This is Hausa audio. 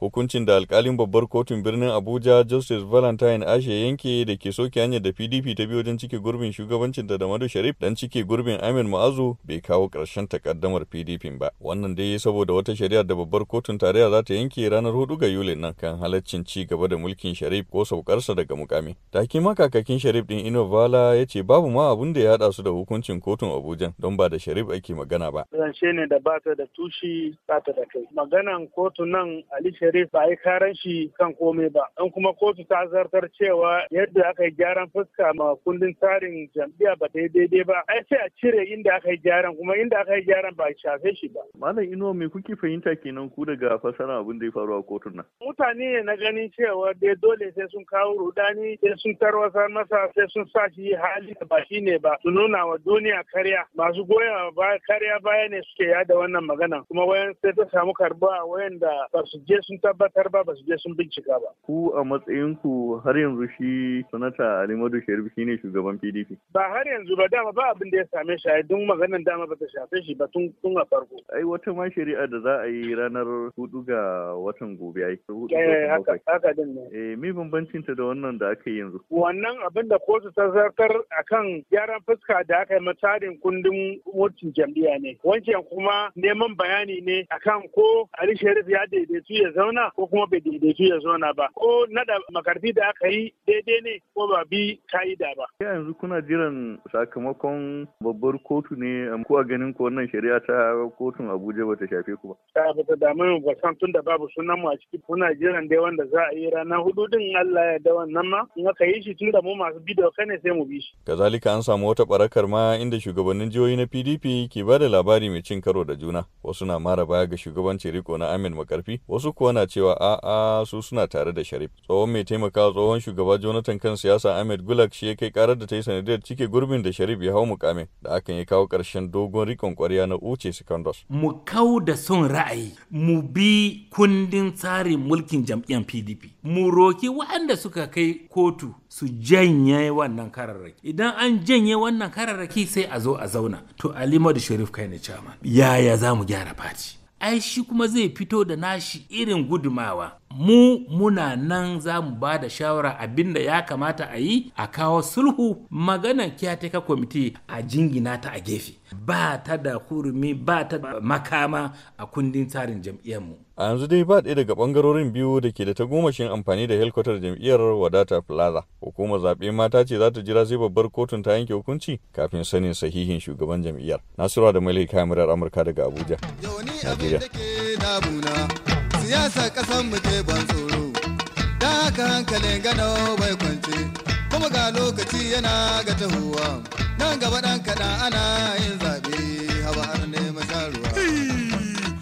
hukuncin da alkalin babbar kotun birnin abuja justice valentine ashe yanke da ke soke hanyar da pdp ta bi wajen cike gurbin shugabancin da damadu sharif dan cike gurbin amin ma'azu bai kawo ƙarshen takaddamar pdp ba wannan dai saboda wata shari'ar da babbar kotun tarayya za ta yanke ranar hudu ga yulin nan kan halaccin ci gaba da mulkin sharif ko saukarsa daga mukami taki makakakin sharif din vala ya ce babu ma abun da ya haɗa su da hukuncin kotun abuja don ba da sharif ake magana ba. zance ne da ba da tushi ba ta da kai maganan kotun nan ali dare ba yi karan shi kan komai ba in kuma kotu ta zartar cewa yadda aka yi gyaran fuska ma kundin tsarin jam'iyya ba ta daidai ba ai sai a cire inda aka yi gyaran kuma inda aka yi gyaran ba shafe shi ba malam inuwa me kuke fahimta kenan ku daga fasara abin da ya faru a kotun nan mutane ne na ganin cewa dai dole sai sun kawo rudani sai sun tarwasa masa sai sun sa shi hali da ba shi ne ba su nuna wa duniya karya masu goya ba karya baya ne suke yada wannan magana kuma wayan sai ta samu karba wayan da ba su je sun tabbatar ba ba su je sun bincika ba. Ku a matsayinku har yanzu shi sanata Ali Madu Sharif shi ne shugaban PDP. Ba har yanzu ba dama ba abin da ya same shi ai duk maganan dama ba ta shafe shi ba tun tun a farko. Ai wata ma shari'a da za a yi ranar hudu ga watan gobe ai. Eh haka haka din ne. Eh me bambancin ta da wannan da aka yi yanzu? Wannan abin da kotu ta zartar akan gyaran fuska da aka yi matarin kundin wucin jam'iyya ne. Wancan kuma neman bayani ne akan ko Ali Sharif ya daidaitu ya zama zauna ko kuma bai daidaitu ya zauna ba ko nada makarfi da aka yi daidai ne ko ba bi ka'ida ba. yanzu kuna jiran sakamakon babbar kotu ne ko a ganin ko wannan shari'a ta kotun abuja bata shafe ku ba. ba ta damu mu ba san tun da babu sunan mu a ciki kuna jiran dai wanda za a yi ranar hudu din allah ya da wannan ma in aka yi shi tun da mu masu bi da ne sai mu bi shi. kazalika an samu wata barakar ma inda shugabannin jihohi na pdp ke ba da labari mai cin karo da juna wasu na mara baya ga shugabancin riko na amin makarfi wasu kuwa na na cewa a'a su suna tare da sharif tsohon mai taimaka tsohon shugaba jonathan kan siyasa ahmed gulak shi ya kai karar da ta yi sanadiyar cike gurbin da sharif ya hau mukamin da akan ya kawo karshen dogon rikon kwarya na uce secondos mu kau da son ra'ayi mu bi kundin tsarin mulkin jam'iyyar pdp mu roki waɗanda suka kai kotu su janye wannan kararraki idan an janye wannan kararraki sai a zo a zauna to alimadu sharif kai ne chairman yaya za mu gyara fati ai shi kuma zai fito da nashi irin gudumawa mu muna nan za mu ba da shawara abinda ya kamata a yi a kawo sulhu magana kyateka kwamiti a jingina ta a gefe ba ta da hurumi ba ta makama a kundin tsarin jam'iyyarmu. a yanzu dai ba ɗaya daga ɓangarorin biyu da ke da ta gomashin amfani da helikwatar jam'iyyar wadata plaza hukumar zaɓe mata ce za ta jira sai babbar kotun ta yanke hukunci kafin sanin sahihin shugaban jam'iyyar nasura da malika kamerar amurka daga abuja najeriya siyasa ƙasar mu ce ban tsoro da haka hankalin gano bai kwance kuma ga lokaci yana ga tahowa nan gaba dan kaɗa ana yin zaɓe haba har ne